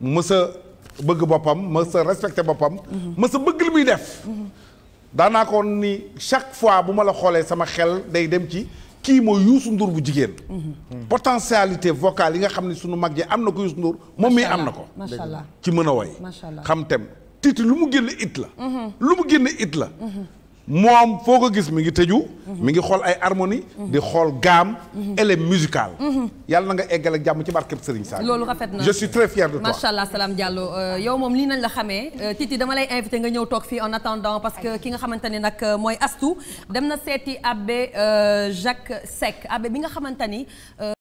mës a bëgg boppam mës sa respecté boppam. mës a bëgg li muy def. daanaa ko ni chaque fois bu ma la xoolee sama xel day dem ci kii mooy Youssou Ndour bu jigéen. potentialité vocale yi nga xam ne sunu mag yi am na ko Youssou Ndour moom mii am na ko. macha allah ci mën a woy. macha allah xam tem titre lu mu génn it la. Mhm. lu mu génn it la. Mhm. moom foo ko gis mi ngi tëju. mi ngi xool ay harmonie. di xool gaam. elle musicale. yàlla na nga eggal ak jàmm ci barkeb Serigne Sall. loolu rafet na je suis très fier de toi. macha allah Salam Diallo euh, yow moom lii nañ la xamee. Euh, Titi dama lay invité nga ñëw toog fii en attendant parce que ki nga xamante ne nag euh, mooy Astou dem na seeti abbé Jacques Seck abbé bi nga xamante ni.